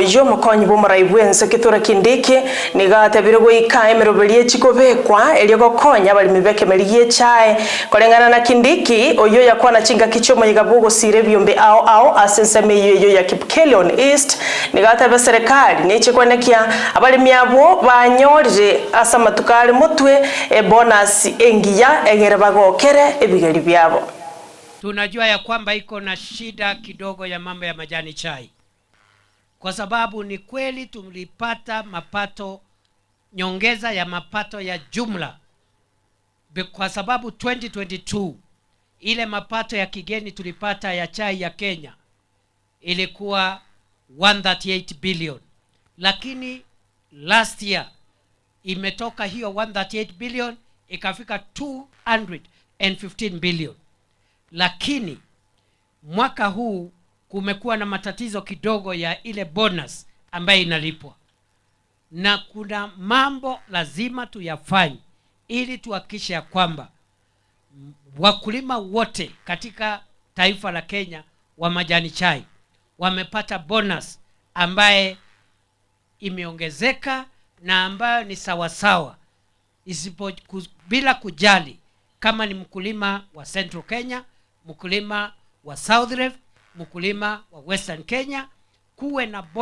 oyo omokonyi bwa omorai bwa ense getura kinde eke nigatebire goika emeroberi echigobekwa eria egokonya abaremi ba ekemeri gia echae koreng'ana na kindiki eki oyo yakwana chingaki chia omoyega bwa ogosira ebiombe ao ao ase ensemo eyo eyo ya kipkelion east nigatebe serikari naechekwanekia abaremi abo banyorire ase amatuko are motwe ebonasi engiya eng'ere bagokere ebigeri byabo tunajua ya kwamba iko na shida kidogo ya mambo ya majani chai kwa sababu ni kweli tulipata mapato nyongeza ya mapato ya jumla kwa sababu 2022 ile mapato ya kigeni tulipata ya chai ya Kenya ilikuwa 138 billion, lakini last year imetoka hiyo 138 billion ikafika 215 billion, lakini mwaka huu kumekuwa na matatizo kidogo ya ile bonus ambayo inalipwa, na kuna mambo lazima tuyafanye ili tuhakikishe ya kwamba wakulima wote katika taifa la Kenya wa majani chai wamepata bonus ambaye imeongezeka na ambayo ni sawasawa, isipo bila kujali kama ni mkulima wa Central Kenya, mkulima wa South Rift mkulima wa Western Kenya, kuwe na bond.